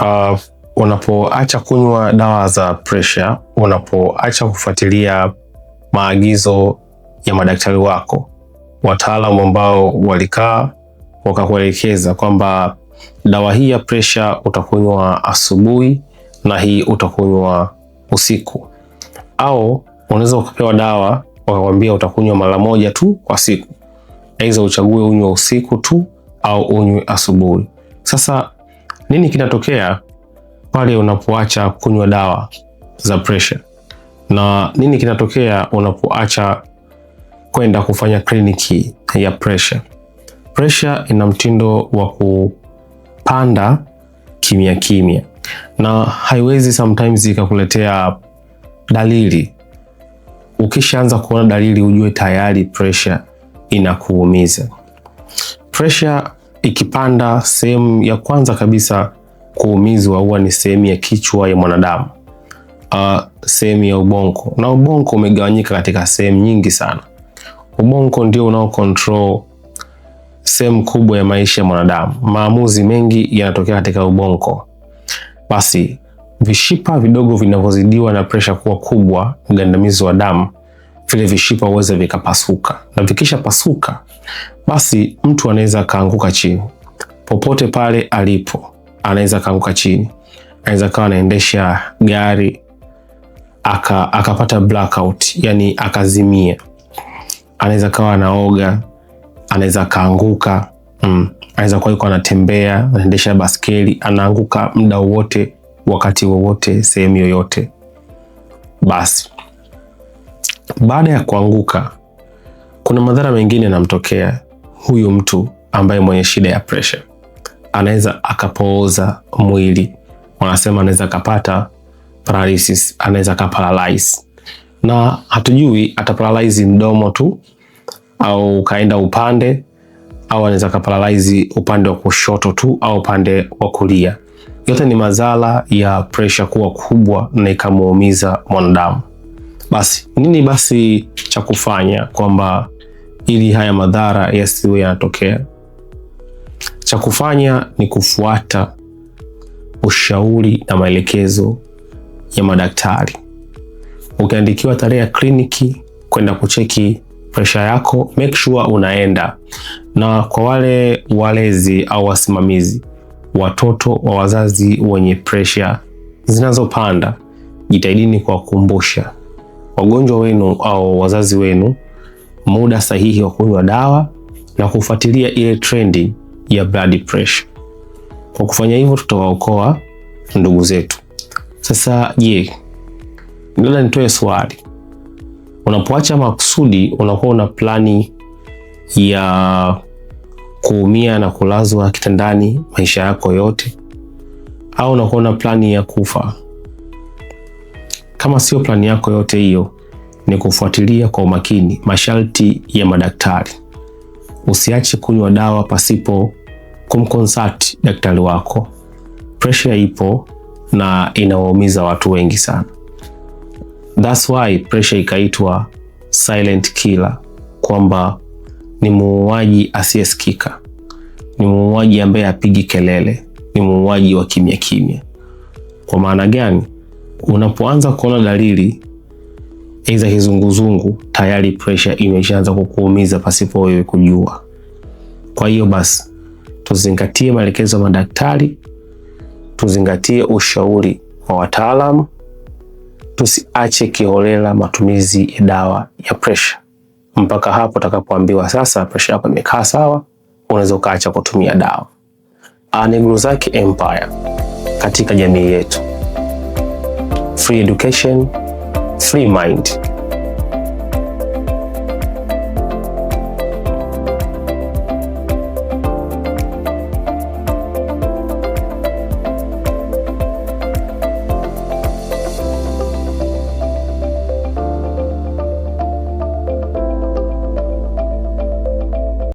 uh, unapoacha kunywa dawa za presha, unapoacha kufuatilia maagizo ya madaktari wako, wataalamu ambao walikaa wakakuelekeza kwamba dawa hii ya presha utakunywa asubuhi na hii utakunywa usiku, au unaweza ukapewa dawa wakakwambia utakunywa mara moja tu kwa siku, aidha uchague unywe usiku tu au unywe asubuhi. Sasa nini kinatokea pale unapoacha kunywa dawa za presha na nini kinatokea unapoacha kwenda kufanya kliniki ya presha? Presha ina mtindo wa kupanda kimya kimya, na haiwezi sometimes ikakuletea dalili. Ukishaanza kuona dalili, ujue tayari presha inakuumiza. Presha ikipanda, sehemu ya kwanza kabisa kuumizwa huwa ni sehemu ya kichwa ya mwanadamu, uh, sehemu ya ubongo, na ubongo umegawanyika katika sehemu nyingi sana. Ubongo ndio unao control sehemu kubwa ya maisha ya mwanadamu. Maamuzi mengi yanatokea katika ubongo. Basi vishipa vidogo vinavyozidiwa na presha kuwa kubwa, mgandamizi wa damu, vile vishipa huweza vikapasuka, na vikishapasuka basi mtu anaweza akaanguka chini popote pale alipo, anaweza akaanguka chini, anaweza akawa anaendesha gari aka, akapata blackout, yani akazimia, anaweza akawa anaoga, anaweza akaanguka mm. Anaweza kuwa yuko anatembea, anaendesha baskeli, anaanguka muda wowote, wakati wowote, sehemu yoyote. Basi baada ya kuanguka, kuna madhara mengine yanamtokea huyu mtu ambaye mwenye shida ya pressure anaweza akapooza mwili, wanasema anaweza akapata paralysis, anaweza akaparalyze, na hatujui ataparalyze mdomo tu au kaenda upande au anaweza akaparalyze upande wa kushoto tu au upande wa kulia. Yote ni madhara ya pressure kuwa kubwa na ikamuumiza mwanadamu. Basi nini basi cha kufanya kwamba ili haya madhara yasiwe yanatokea. Cha kufanya ni kufuata ushauri na maelekezo ya madaktari. Ukiandikiwa tarehe ya kliniki kwenda kucheki presha yako, make sure unaenda. Na kwa wale walezi au wasimamizi watoto wa wazazi wenye presha zinazopanda, jitahidini kuwakumbusha wagonjwa wenu au wazazi wenu muda sahihi wa kunywa dawa na kufuatilia ile trendi ya blood pressure. Kwa kufanya hivyo, tutawaokoa ndugu zetu. Sasa je, labda nitoe swali. Unapoacha makusudi, unakuwa una plani ya kuumia na kulazwa kitandani maisha yako yote, au unakuwa una plani ya kufa? Kama sio plani yako yote hiyo ni kufuatilia kwa umakini masharti ya madaktari. Usiache kunywa dawa pasipo kumconsult daktari wako. Pressure ipo na inawaumiza watu wengi sana. That's why pressure ikaitwa silent killer, kwamba ni muuaji asiyesikika, ni muuaji ambaye apigi kelele, ni muuaji wa kimya kimya. Kwa maana gani? Unapoanza kuona dalili aidha kizunguzungu, tayari pressure imeshaanza kukuumiza pasipo wewe kujua. Kwa hiyo basi tuzingatie maelekezo ya madaktari, tuzingatie ushauri wa wataalamu, tusiache kiholela matumizi ya dawa ya pressure mpaka hapo utakapoambiwa sasa pressure yako imekaa sawa, unaweza ukaacha kutumia dawa. Ah, Zaki Empire katika jamii yetu, free education free mind.